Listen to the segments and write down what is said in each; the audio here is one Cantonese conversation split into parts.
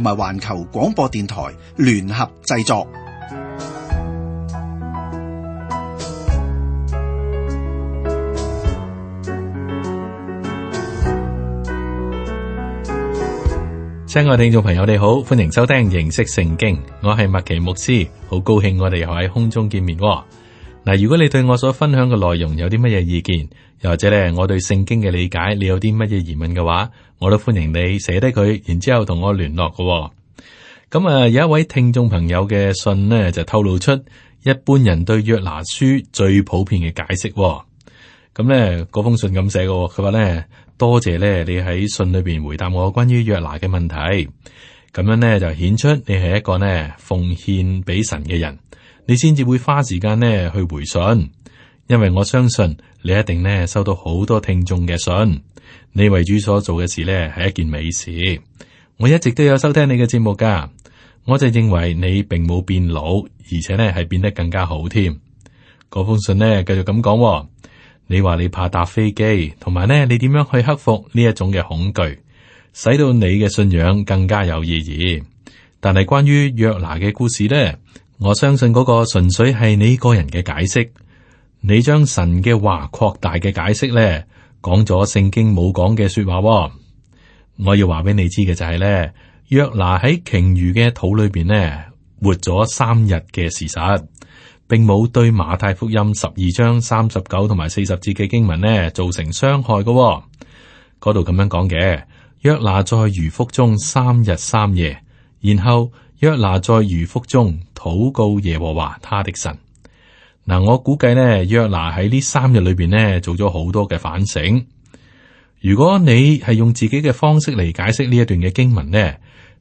同埋環球廣播電台聯合製作。親愛的聽眾朋友，你好，歡迎收聽《認識聖經》，我係麥奇牧師，好高興我哋又喺空中見面喎。嗱，如果你對我所分享嘅內容有啲乜嘢意見，又或者咧，我對聖經嘅理解，你有啲乜嘢疑問嘅話，我都歡迎你寫低佢，然之後同我聯絡嘅。咁、嗯、啊，有一位聽眾朋友嘅信呢，就透露出一般人對約拿書最普遍嘅解釋。咁、嗯、咧，嗰封信咁寫嘅，佢話咧，多謝咧，你喺信裏邊回答我關於約拿嘅問題，咁樣咧就顯出你係一個呢，奉獻俾神嘅人。你先至會花時間咧去回信，因為我相信你一定咧收到好多聽眾嘅信。你為主所做嘅事咧係一件美事，我一直都有收聽你嘅節目㗎。我就認為你並冇變老，而且咧係變得更加好添。嗰封信咧繼續咁講，你話你怕搭飛機，同埋咧你點樣去克服呢一種嘅恐懼，使到你嘅信仰更加有意義。但係關於約拿嘅故事呢。我相信嗰個純粹係你個人嘅解釋，你將神嘅話擴大嘅解釋咧，講咗聖經冇講嘅說話。我要話俾你知嘅就係、是、咧，約拿喺鯨魚嘅肚裏邊咧，活咗三日嘅事實，並冇對馬太福音十二章三十九同埋四十節嘅經文咧造成傷害嘅。嗰度咁樣講嘅，約拿在魚腹中三日三夜，然後。約拿在魚腹中禱告耶和華他的神。嗱，我估計呢，約拿喺呢三日裏邊呢，做咗好多嘅反省。如果你係用自己嘅方式嚟解釋呢一段嘅經文呢，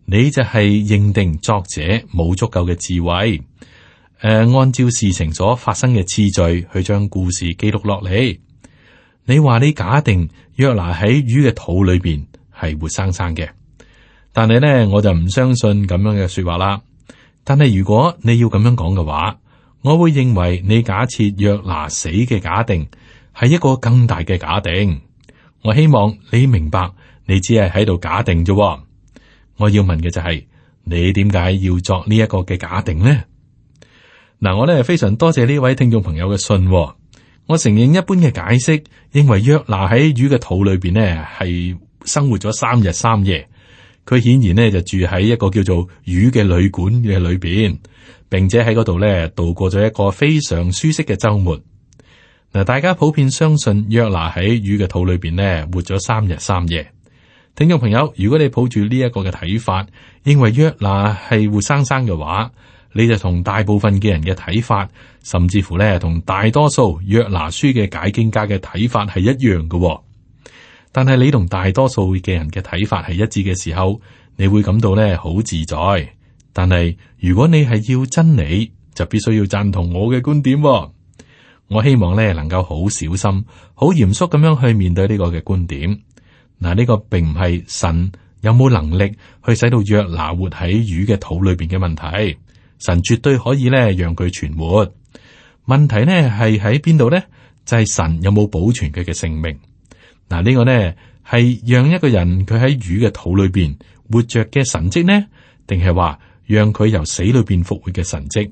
你就係認定作者冇足夠嘅智慧。誒、呃，按照事情所發生嘅次序去將故事記錄落嚟。你話你假定約拿喺魚嘅肚裏邊係活生生嘅。但係咧，我就唔相信咁樣嘅說話啦。但係如果你要咁樣講嘅話，我會認為你假設約拿死嘅假定係一個更大嘅假定。我希望你明白，你只係喺度假定啫。我要問嘅就係、是，你點解要作呢一個嘅假定呢？嗱，我咧，非常多謝呢位聽眾朋友嘅信、哦。我承認一般嘅解釋，認為約拿喺魚嘅肚裏邊呢係生活咗三日三夜。佢顯然呢，就住喺一個叫做魚嘅旅館嘅裏邊，並且喺嗰度呢度過咗一個非常舒適嘅周末。嗱，大家普遍相信約拿喺魚嘅肚裏邊呢活咗三日三夜。聽眾朋友，如果你抱住呢一個嘅睇法，認為約拿係活生生嘅話，你就同大部分嘅人嘅睇法，甚至乎呢同大多數約拿書嘅解經家嘅睇法係一樣嘅。但係你同大多數嘅人嘅睇法係一致嘅時候，你會感到咧好自在。但係如果你係要真理，就必須要贊同我嘅觀點喎。我希望咧能夠好小心、好嚴肅咁樣去面對呢個嘅觀點。嗱，呢個並唔係神有冇能力去使到約拿活喺魚嘅肚裏邊嘅問題，神絕對可以咧讓佢存活。問題呢係喺邊度呢？就係神有冇保存佢嘅性命。嗱，呢個呢係讓一個人佢喺魚嘅肚裏邊活着嘅神蹟呢？定係話讓佢由死裏邊復活嘅神蹟？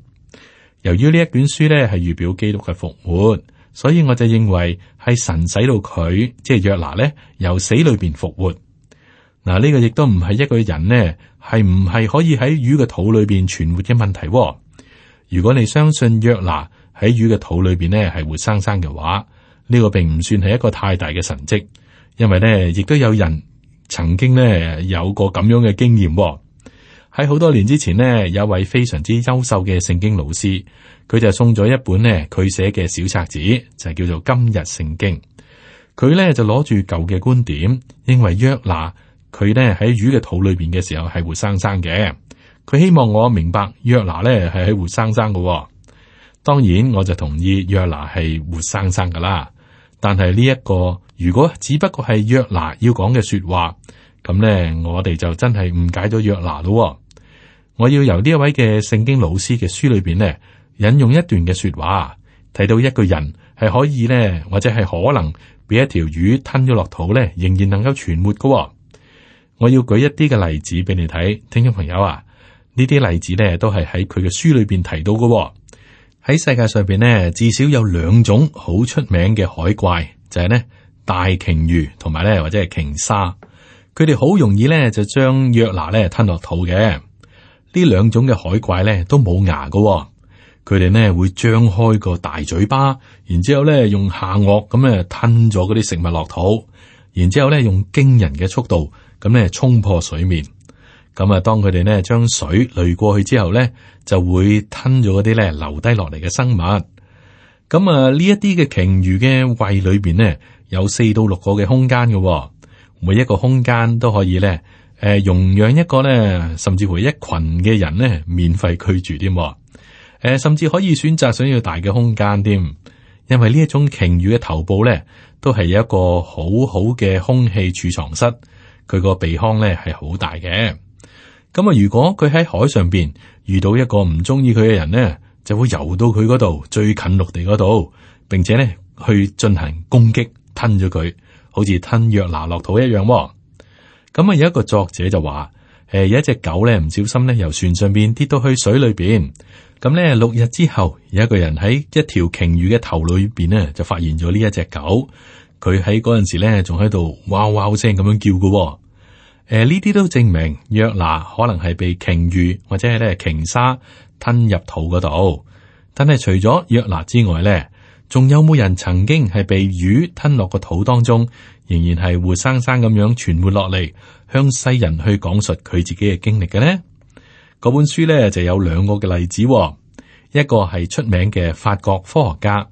由於呢一卷書呢係預表基督嘅復活，所以我就認為係神使到佢即係約拿呢，由死裏邊復活。嗱、這、呢個亦都唔係一個人呢，係唔係可以喺魚嘅肚裏邊存活嘅問題、哦。如果你相信約拿喺魚嘅肚裏邊呢係活生生嘅話。呢個並唔算係一個太大嘅神蹟，因為呢亦都有人曾經呢有過咁樣嘅經驗喎、哦。喺好多年之前呢，有一位非常之優秀嘅聖經老師，佢就送咗一本呢佢寫嘅小冊子，就叫做《今日聖經》。佢呢就攞住舊嘅觀點，認為約拿佢呢喺魚嘅肚裏邊嘅時候係活生生嘅。佢希望我明白約拿呢係喺活生生嘅、哦。當然，我就同意約拿係活生生㗎喇。但係呢一個，如果只不過係約拿要講嘅說話，咁呢，我哋就真係誤解咗約拿咯、哦。我要由呢一位嘅聖經老師嘅書裏邊呢，引用一段嘅說話，睇到一個人係可以呢，或者係可能俾一條魚吞咗落肚呢，仍然能夠存活噶。我要舉一啲嘅例子俾你睇，聽眾朋友啊，呢啲例子呢，都係喺佢嘅書裏邊提到噶、哦。喺世界上邊咧，至少有兩種好出名嘅海怪，就係、是、咧大鯨魚同埋咧或者係鯨鯊，佢哋好容易咧就將約拿咧吞落肚嘅。呢兩種嘅海怪咧都冇牙嘅，佢哋咧會張開個大嘴巴，然之後咧用下顎咁啊吞咗嗰啲食物落肚，然之後咧用驚人嘅速度咁咧衝破水面。咁啊，當佢哋咧將水濾過去之後咧，就會吞咗嗰啲咧留低落嚟嘅生物。咁啊，呢一啲嘅鯨魚嘅胃裏邊咧，有四到六個嘅空間嘅，每一個空間都可以咧，誒，容養一個咧，甚至乎一群嘅人咧，免費居住添。誒，甚至可以選擇想要大嘅空間添，因為呢一種鯨魚嘅頭部咧，都係有一個好好嘅空氣儲藏室，佢個鼻腔咧係好大嘅。咁啊！如果佢喺海上邊遇到一個唔中意佢嘅人咧，就會游到佢嗰度最近陸地嗰度，並且咧去進行攻擊，吞咗佢，好似吞約拿落肚一樣、哦。咁、嗯、啊，有一個作者就話：誒，有一隻狗咧，唔小心咧由船上邊跌到去水裏邊。咁、嗯、咧六日之後，有一個人喺一條鯨魚嘅頭裏邊咧就發現咗呢一隻狗。佢喺嗰陣時咧仲喺度哇哇聲咁樣叫嘅、哦。誒，呢啲、呃、都證明約拿可能係被鯨魚或者係咧鯨鯊吞入肚嗰度。但係除咗約拿之外咧，仲有冇人曾經係被魚吞落個肚當中，仍然係活生生咁樣存活落嚟，向世人去講述佢自己嘅經歷嘅呢？嗰本書咧就有兩個嘅例子、哦，一個係出名嘅法國科學家，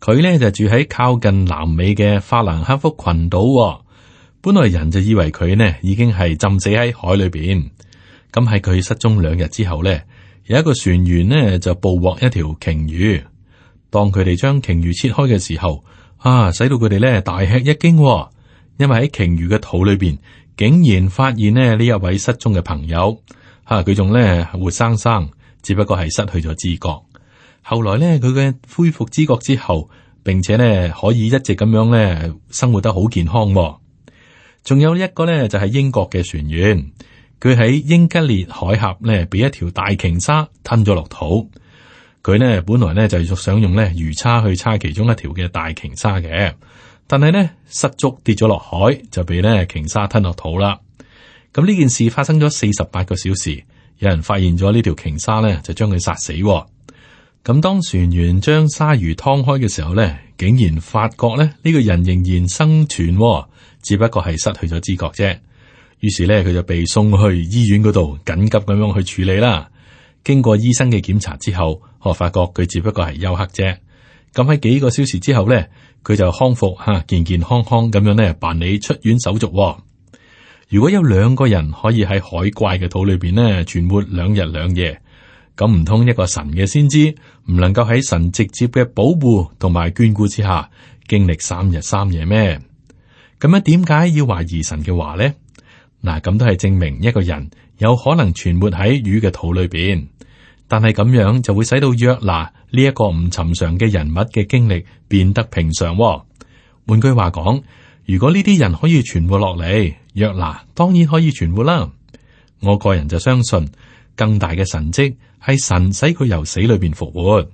佢咧就住喺靠近南美嘅法蘭克福群島、哦。本來人就以為佢呢已經係浸死喺海裏邊。咁喺佢失蹤兩日之後呢，有一個船員呢就捕獲一條鯨魚。當佢哋將鯨魚切開嘅時候，啊，使到佢哋咧大吃一驚，哦，因為喺鯨魚嘅肚裏邊竟然發現呢呢一位失蹤嘅朋友。吓，佢仲咧活生生，只不過係失去咗知覺。後來呢，佢嘅恢復知覺之後，並且呢可以一直咁樣咧生活得好健康，哦。仲有一個咧，就係英國嘅船員，佢喺英吉利海峽咧，被一條大鯨鯊吞咗落肚。佢咧本來咧就係想用咧魚叉去叉其中一條嘅大鯨鯊嘅，但係咧失足跌咗落海，就俾咧鯨鯊吞落肚啦。咁呢件事發生咗四十八個小時，有人發現咗呢條鯨鯊咧，就將佢殺死。咁當船員將鯊魚劏開嘅時候呢，竟然發覺呢呢個人仍然生存，只不過係失去咗知覺啫。於是呢，佢就被送去醫院嗰度緊急咁樣去處理啦。經過醫生嘅檢查之後，我發覺佢只不過係休克啫。咁喺幾個小時之後呢，佢就康復吓、啊，健健康康咁樣呢，辦理出院手續。如果有兩個人可以喺海怪嘅肚裏邊呢，存活兩日兩夜。咁唔通一個神嘅先知唔能夠喺神直接嘅保護同埋眷顧之下經歷三日三夜咩？咁樣點解要懷疑神嘅話呢？嗱，咁都係證明一個人有可能存活喺魚嘅肚裏邊，但係咁樣就會使到約拿呢一個唔尋常嘅人物嘅經歷變得平常喎。換句話講，如果呢啲人可以存活落嚟，約拿當然可以存活啦。我個人就相信更大嘅神蹟。係神使佢由死裏邊復活，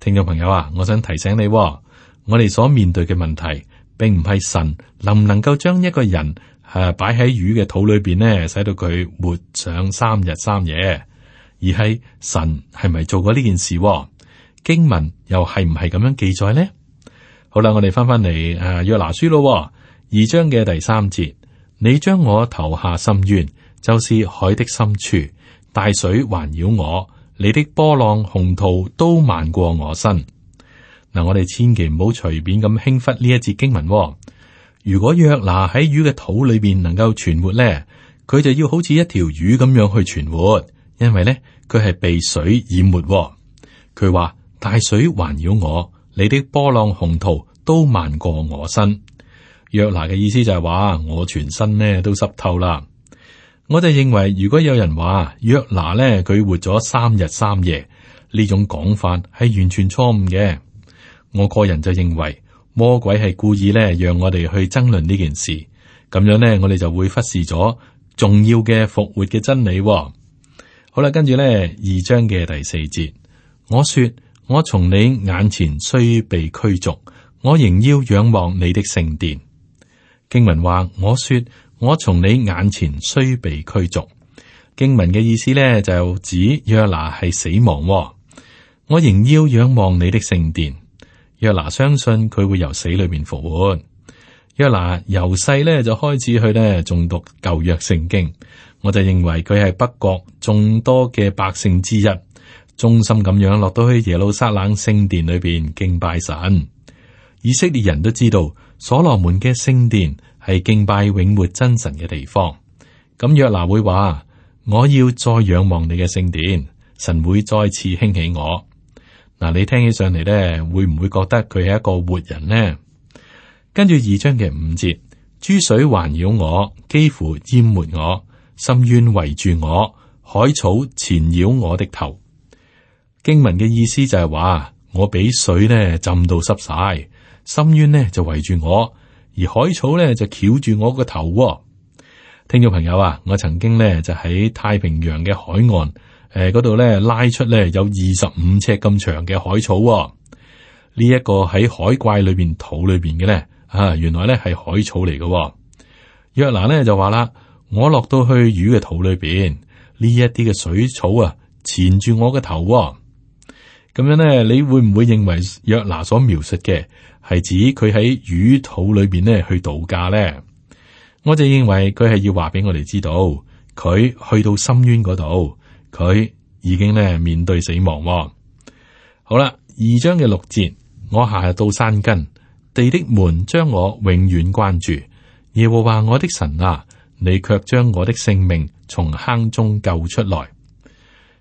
聽眾朋友啊，我想提醒你、哦，我哋所面對嘅問題，並唔係神能唔能夠將一個人誒、啊、擺喺魚嘅肚裏邊呢，使到佢活上三日三夜，而係神係咪做過呢件事、哦？經文又係唔係咁樣記載呢？好啦，我哋翻翻嚟誒約拿書咯，二章嘅第三節，你將我投下深淵，就是海的深處。大水環繞我，你的波浪洪濤都漫過我身。嗱、啊，我哋千祈唔好隨便咁輕忽呢一節經文、喎。如果約拿喺魚嘅肚裏邊能夠存活咧，佢就要好似一條魚咁樣去存活，因為咧佢係被水淹沒、喎。佢話：大水環繞我，你的波浪洪濤都漫過我身。約拿嘅意思就係話，我全身咧都濕透啦。我就認為，如果有人話約拿咧佢活咗三日三夜，呢種講法係完全錯誤嘅。我個人就認為，魔鬼係故意咧讓我哋去爭論呢件事，咁樣咧我哋就會忽視咗重要嘅復活嘅真理哦。好啦，跟住咧二章嘅第四節，我說我從你眼前雖被驅逐，我仍要仰望你的聖殿。經文話，我說。我從你眼前雖被驅逐，經文嘅意思咧就指約拿係死亡，哦。我仍要仰望你的聖殿。約拿相信佢會由死裏面復活。約拿由細咧就開始去咧誦讀舊約聖經，我就認為佢係北國眾多嘅百姓之一，忠心咁樣落到去耶路撒冷聖殿裏邊敬拜神。以色列人都知道所羅門嘅聖殿。係敬拜永活真神嘅地方，咁約拿會話：我要再仰望你嘅聖殿，神會再次興起我。嗱，你聽起上嚟呢，會唔會覺得佢係一個活人呢？跟住二章嘅五節，珠水環繞我，幾乎淹沒我，深淵圍住我，海草纏繞我的頭。經文嘅意思就係話，我俾水咧浸到濕晒，深淵呢就圍住我。而海草咧就翹住我個頭、哦。聽眾朋友啊，我曾經咧就喺太平洋嘅海岸誒嗰度咧拉出咧有二十五尺咁長嘅海草呢、哦、一、個喺海怪裏邊肚裏邊嘅咧啊，原來咧係海草嚟嘅、哦。約拿咧就話啦，我落到去魚嘅肚裏邊呢一啲嘅水草啊纏住我個頭、哦。咁樣咧，你會唔會認為約拿所描述嘅，係指佢喺魚肚裏邊咧去度假咧？我就認為佢係要話俾我哋知道，佢去到深淵嗰度，佢已經咧面對死亡。好啦，二章嘅六節，我下到山根，地的門將我永遠關住。耶和華我的神啊，你卻將我的性命從坑中救出來。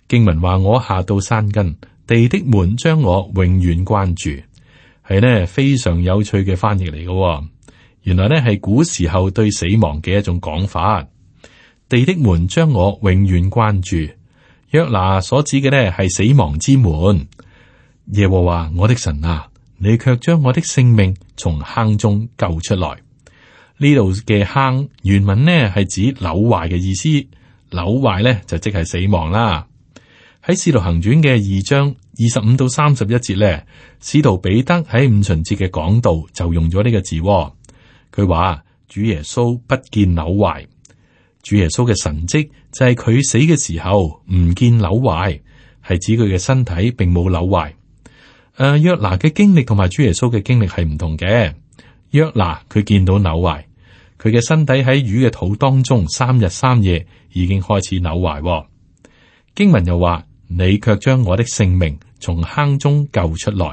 經文話我下到山根。地的門將我永遠關住，係呢非常有趣嘅翻譯嚟噶。原來呢係古時候對死亡嘅一種講法。地的門將我永遠關住，約拿所指嘅呢係死亡之門。耶和華我的神啊，你卻將我的性命從坑中救出來。呢度嘅坑原文呢係指扭壞嘅意思，扭壞呢就即係死亡啦。喺《使徒行傳》嘅二章二十五到三十一節咧，使徒彼得喺五旬節嘅講道就用咗呢個字。佢話：主耶穌不見朽壞，主耶穌嘅神蹟就係佢死嘅時候唔見朽壞，係指佢嘅身體並冇朽壞。誒、啊，約拿嘅經歷同埋主耶穌嘅經歷係唔同嘅。約拿佢見到朽壞，佢嘅身體喺魚嘅肚當中三日三夜已經開始朽壞。經文又話。你卻將我的性命從坑中救出來。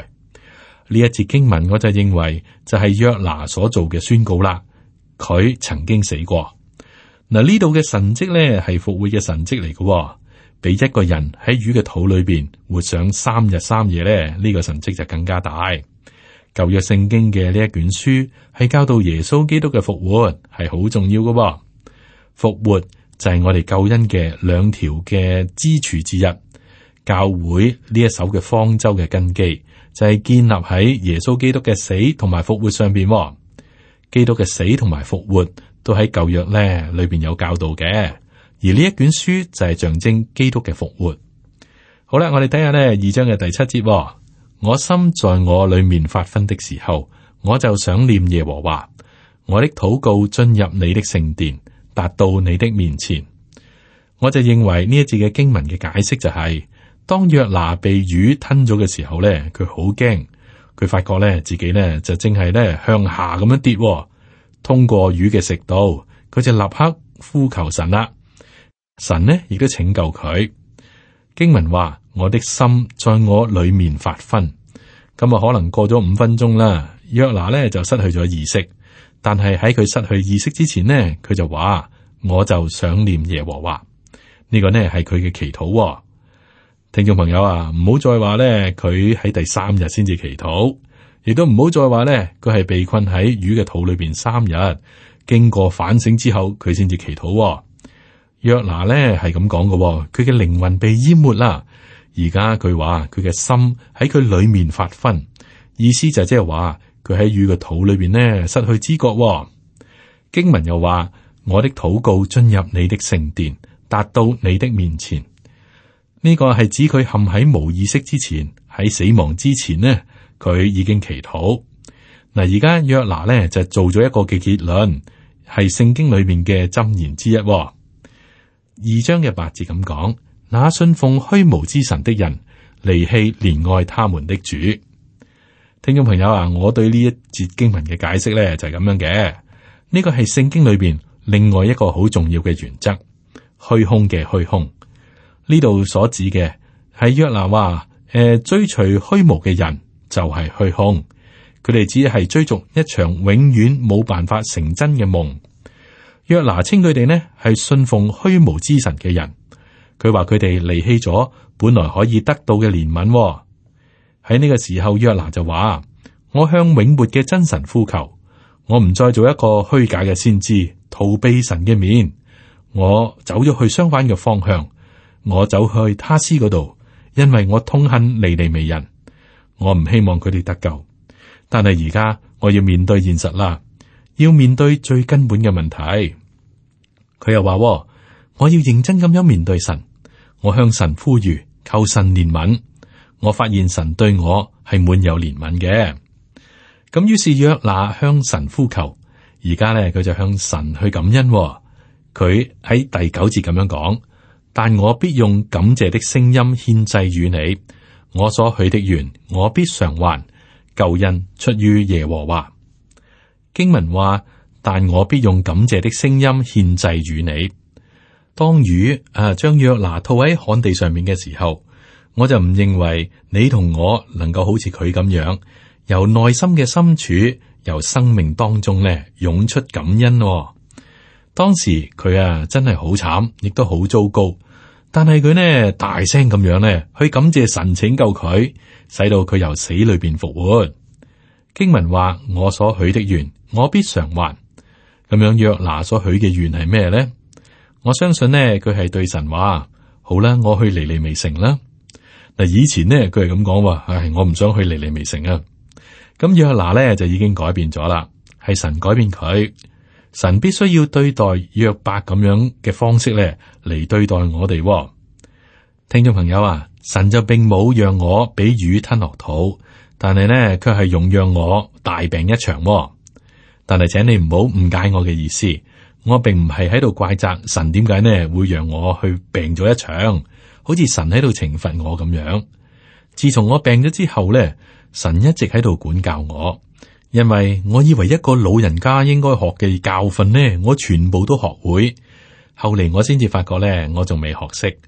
呢一節經文我就認為就係約拿所做嘅宣告啦。佢曾經死過嗱，呢度嘅神跡咧係復活嘅神跡嚟嘅，俾一個人喺魚嘅肚裏邊活上三日三夜咧，呢、呢個神跡就更加大。舊約聖經嘅呢一卷書係教到耶穌基督嘅復活係好重要嘅，復活就係我哋救恩嘅兩條嘅支柱之一。教會呢一首嘅方舟嘅根基就係建立喺耶穌基督嘅死同埋復活上邊。基督嘅死同埋復活都喺舊約呢裏邊有教導嘅。而呢一卷書就係象徵基督嘅復活。好啦，我哋睇下呢二章嘅第七節。我心在我裏面發昏的時候，我就想念耶和華。我的禱告進入你的聖殿，達到你的面前。我就認為呢一節嘅經文嘅解釋就係。當約拿被魚吞咗嘅時候咧，佢好驚，佢發覺咧自己咧就正係咧向下咁樣跌，通過魚嘅食道，佢就立刻呼求神啦。神呢亦都拯救佢。經文話：我的心在我裏面發昏，咁啊可能過咗五分鐘啦。約拿咧就失去咗意識，但係喺佢失去意識之前咧，佢就話：我就想念耶和華。呢、呢個呢係佢嘅祈禱。聽眾朋友啊，唔好再話咧佢喺第三日先至祈禱，亦都唔好再話咧佢係被困喺魚嘅肚裏邊三日，經過反省之後，佢先至祈禱、哦。約拿咧係咁講嘅，佢嘅靈魂被淹沒啦，而家佢話佢嘅心喺佢裏面發昏，意思就即係話佢喺魚嘅肚裏邊咧失去知覺、哦。經文又話：我的禱告進入你的聖殿，達到你的面前。呢個係指佢陷喺無意識之前，喺死亡之前呢，佢已經祈禱。嗱，而家約拿呢就做咗一個嘅結論，係聖經裏面嘅箴言之一哦。二章嘅八節咁講，那信奉虛無之神的人，離棄憐愛他們的主。聽眾朋友啊，我對呢一節經文嘅解釋呢，就係、是、咁樣嘅。呢、這個係聖經裏邊另外一個好重要嘅原則，虛空嘅虛空。呢度所指嘅係約拿話：誒、呃，追隨虛無嘅人就係虛空，佢哋只係追逐一場永遠冇辦法成真嘅夢。約拿稱佢哋呢係信奉虛無之神嘅人，佢話佢哋離棄咗本來可以得到嘅憐憫。喺呢個時候，約拿就話：我向永活嘅真神呼求，我唔再做一個虛假嘅先知，逃避神嘅面，我走咗去相反嘅方向。我走去他施嗰度，因為我痛恨尼尼微人，我唔希望佢哋得救。但係而家我要面對現實啦，要面對最根本嘅問題。佢又話：我要認真咁樣面對神，我向神呼籲，求神憐憫。我發現神對我係滿有憐憫嘅。咁於是約拿向神呼求，而家咧佢就向神去感恩。佢喺第九節咁樣講。但我必用感謝的聲音獻祭於你，我所許的願我必償還。救恩出於耶和華。經文話，但我必用感謝的聲音獻祭於你。當魚啊將約拿套喺旱地上面嘅時候，我就唔認為你同我能夠好似佢咁樣，由內心嘅深處，由生命當中咧湧出感恩、哦。當時佢啊真係好慘，亦都好糟糕。但係佢呢，大聲咁樣呢去感謝神拯救佢，使到佢由死裏邊復活。經文話：我所許的願，我必償還。咁樣約拿所許嘅願係咩呢？我相信呢佢係對神話。好啦，我去尼尼微城啦。嗱，以前呢佢係咁講，唉、哎，我唔想去尼尼微城啊。咁約拿呢就已經改變咗啦，係神改變佢。神必須要對待約伯咁樣嘅方式咧，嚟對待我哋。聽眾朋友啊，神就並冇讓我俾魚吞落肚，但係呢，佢係容讓我大病一場。但係請你唔好誤解我嘅意思，我並唔係喺度怪責神點解呢會讓我去病咗一場，好似神喺度懲罰我咁樣。自從我病咗之後呢，神一直喺度管教我。因為我以為一個老人家應該學嘅教訓呢，我全部都學會。後嚟我先至發覺呢，我仲未學識。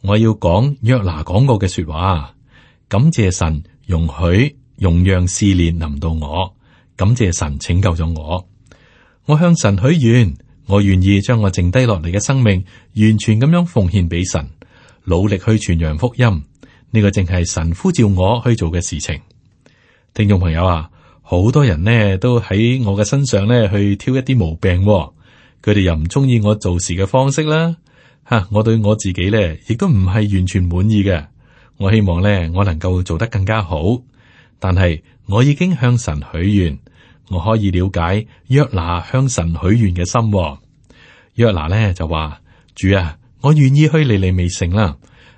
我要講約拿講過嘅說話，感謝神容許容讓試煉臨到我，感謝神拯救咗我。我向神許願，我願意將我剩低落嚟嘅生命完全咁樣奉獻俾神，努力去傳揚福音。呢個正係神呼召我去做嘅事情。聽眾朋友啊！好多人呢都喺我嘅身上呢去挑一啲毛病，哦，佢哋又唔中意我做事嘅方式啦。吓，我對我自己呢亦都唔係完全滿意嘅。我希望呢我能夠做得更加好，但係我已經向神許願，我可以了解約拿向神許願嘅心，哦。約拿呢就話：主啊，我願意去尼尼微城啦。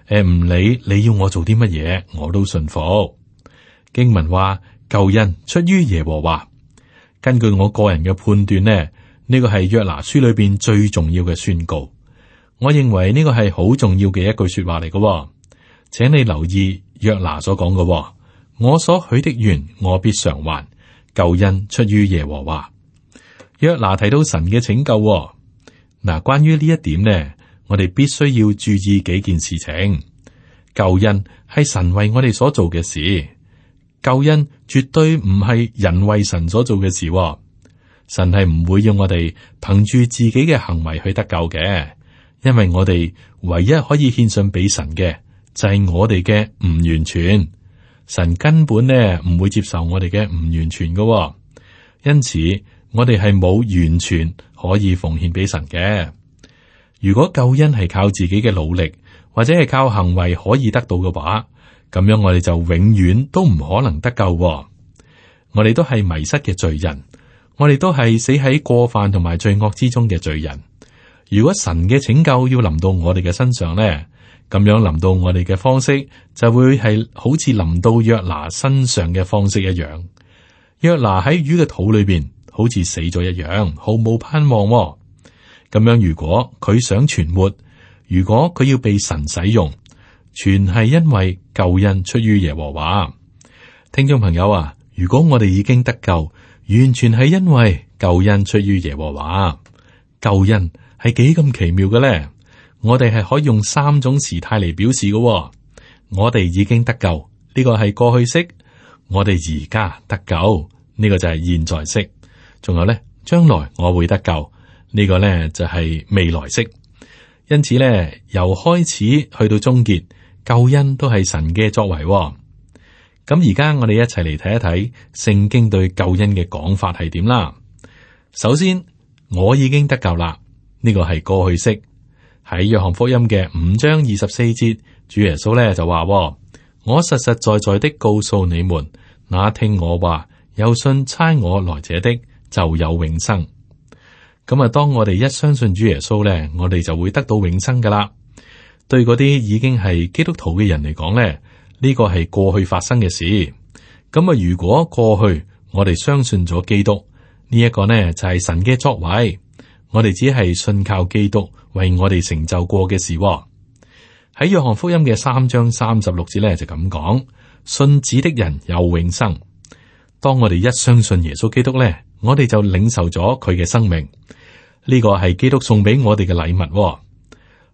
誒、欸，唔理你要我做啲乜嘢，我都順服。經文話。救恩出於耶和華。根據我個人嘅判斷呢，呢個係約拿書裏邊最重要嘅宣告。我認為呢個係好重要嘅一句說話嚟嘅。請你留意約拿所講嘅，我所許的願我必償還。救恩出於耶和華。約拿提到神嘅拯救。嗱，關於呢一點呢，我哋必須要注意幾件事情。救恩係神為我哋所做嘅事。救恩絕對唔係人為神所做嘅事。哦，神係唔會要我哋憑住自己嘅行為去得救嘅，因為我哋唯一可以獻上俾神嘅就係、是、我哋嘅唔完全，神根本呢唔會接受我哋嘅唔完全噶、哦，因此我哋係冇完全可以奉獻俾神嘅。如果救恩係靠自己嘅努力或者係靠行為可以得到嘅話，咁樣我哋就永遠都唔可能得救，哦，我哋都係迷失嘅罪人，我哋都係死喺過犯同埋罪惡之中嘅罪人。如果神嘅拯救要臨到我哋嘅身上咧，咁樣臨到我哋嘅方式就會係好似臨到約拿身上嘅方式一樣。約拿喺魚嘅肚裏邊好似死咗一樣，毫無盼望，哦。咁樣如果佢想存活，如果佢要被神使用。全係因為救恩出於耶和華，聽眾朋友啊，如果我哋已經得救，完全係因為救恩出於耶和華。救恩係幾咁奇妙嘅咧？我哋係可以用三種時態嚟表示嘅、哦。我哋已經得救，呢、呢個係過去式；我哋而家得救，呢、呢個就係現在式；仲有咧，將來我會得救，呢個、呢個咧就係、係、未來式。因此咧，由開始去到終結。救恩都係神嘅作為、哦，咁而家我哋一齊嚟睇一睇聖經對救恩嘅講法係點啦。首先，我已經得救啦，呢個係過去式。喺約翰福音嘅五章二十四節，主耶穌咧就話，我實實在在的告訴你們，那聽我話又信差我來者的就有永生。咁啊、嗯，當我哋一相信主耶穌咧，我哋就會得到永生噶啦。對嗰啲已經係基督徒嘅人嚟講咧，呢、這個係過去發生嘅事。咁啊，如果過去我哋相信咗基督，呢、這、一個呢就係神嘅作為。我哋只係信靠基督為我哋成就過嘅事。喺約翰福音嘅三章三十六節咧就咁講：信子的人有永生。當我哋一相信耶穌基督呢，我哋就領受咗佢嘅生命。呢、這個係基督送俾我哋嘅禮物。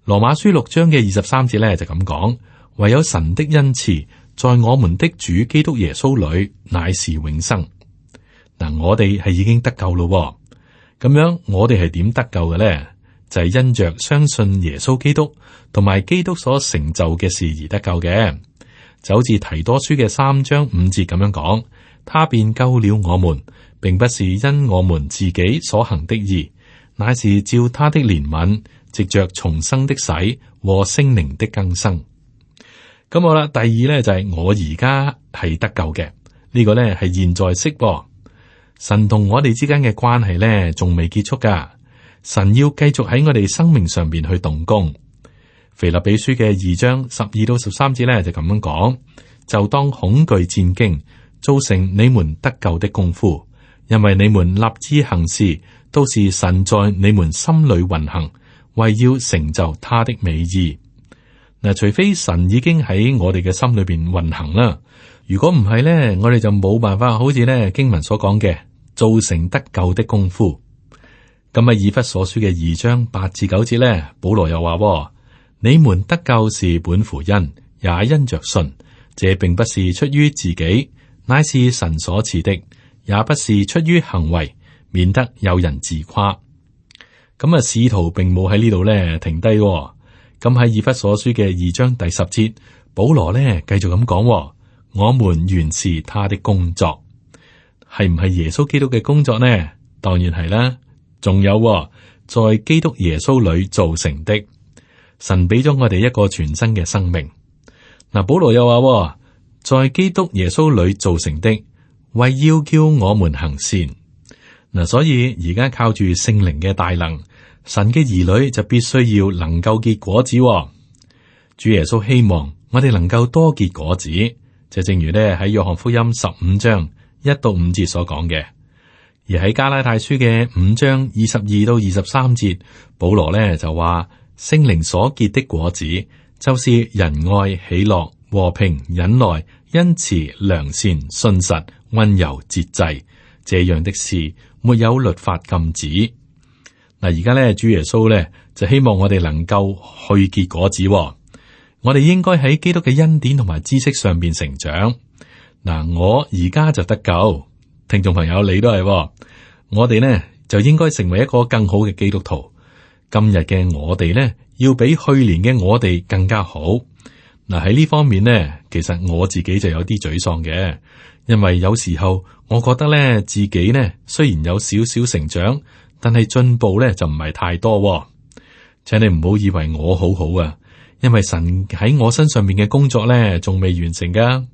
羅馬書六章嘅二十三節咧就咁講，唯有神的恩慈在我們的主基督耶穌裏，乃是永生。嗱、嗯，我哋係已經得救咯。咁樣我哋係點得救嘅咧？就係、是、因着相信耶穌基督同埋基督所成就嘅事而得救嘅。就好似提多書嘅三章五節咁樣講，他便救了我們，並不是因我們自己所行的義，乃是照他的憐憫。藉着重生的洗和聖靈的更生，咁好啦。第二呢，就係我而家係得救嘅呢、呢個呢，係現在式。神同我哋之間嘅關係呢，仲未結束噶。神要繼續喺我哋生命上面去動工。腓立比書嘅二章十二到十三節呢，就咁樣講：就當恐懼戰驚造成你們得救的功夫，因為你們立志行事都是神在你們心裏運行。為要成就他的美意，嗱、啊，除非神已經喺我哋嘅心裏邊運行啦。如果唔係咧，我哋就冇辦法。好似咧經文所講嘅，造成得救的功夫。咁啊，以弗所書嘅二章八至九節咧，保羅又話：，你們得救是本乎恩，也因着信。這並不是出於自己，乃是神所賜的；也不是出於行為，免得有人自誇。咁啊，使徒並冇喺呢度咧停低、哦。咁喺以弗所書嘅二章第十節，保羅咧繼續咁講、哦：，我們原是他的工作，係唔係耶穌基督嘅工作呢？當然係啦。仲有、哦，在基督耶穌裏造成的，神俾咗我哋一個全新嘅生命。嗱、啊，保羅又話、哦：，在基督耶穌裏造成的，為要叫我們行善。嗱、啊，所以而家靠住聖靈嘅大能。神嘅兒女就必須要能夠結果子、哦，主耶穌希望我哋能夠多結果子，就正如呢喺約翰福音十五章一到五節所講嘅，而喺加拉太書嘅五章二十二到二十三節，保羅呢就話聖靈所結的果子，就是仁愛、喜樂、和平、忍耐、恩慈、良善、信實、溫柔、節制，這樣的事沒有律法禁止。嗱，而家咧，主耶穌咧就希望我哋能夠去結果子，我哋應該喺基督嘅恩典同埋知識上面成長。嗱，我而家就得救，聽眾朋友你都係，我哋呢，就應該成為一個更好嘅基督徒。今日嘅我哋呢，要比去年嘅我哋更加好。嗱，喺呢方面呢，其實我自己就有啲沮喪嘅，因為有時候我覺得咧自己呢，雖然有少少成長。但係進步咧就唔係太多。哦，請你唔好以為我好好啊，因為神喺我身上面嘅工作咧仲未完成噶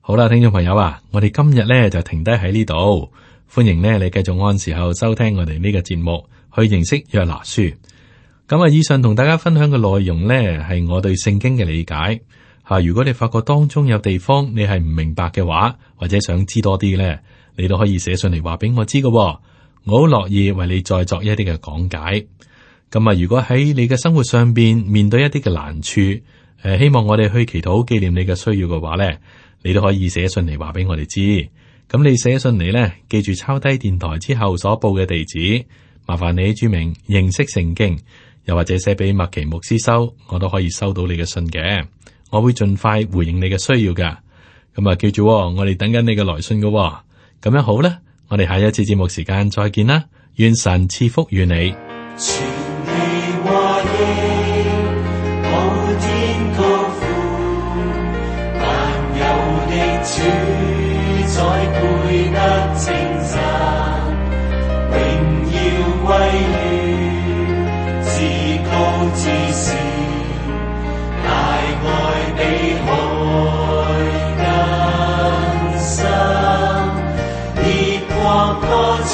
好啦，聽眾朋友啊，我哋今日咧就停低喺呢度，歡迎咧你繼續按時候收聽我哋呢個節目，去認識約拿書。咁啊，以上同大家分享嘅內容呢係我對聖經嘅理解吓，啊。如果你發覺當中有地方你係唔明白嘅話，或者想知多啲咧，你都可以寫上嚟話俾我知噶。我好樂意為你再作一啲嘅講解。咁啊，如果喺你嘅生活上面面對一啲嘅難處，誒，希望我哋去祈禱紀念你嘅需要嘅話咧，你都可以寫信嚟，話俾我哋知。咁你寫信嚟咧，記住抄低電台之後所報嘅地址，麻煩你注明認識聖經，又或者寫俾麥奇牧師收，我都可以收到你嘅信嘅。我會盡快回應你嘅需要噶。咁啊，記住我哋等緊你嘅來信噶。咁樣好咧。我哋下一次節目時間再見啦！願神賜福與你。全地話應，普天高呼，但有地主宰配得稱讚，榮耀歸於自高自視。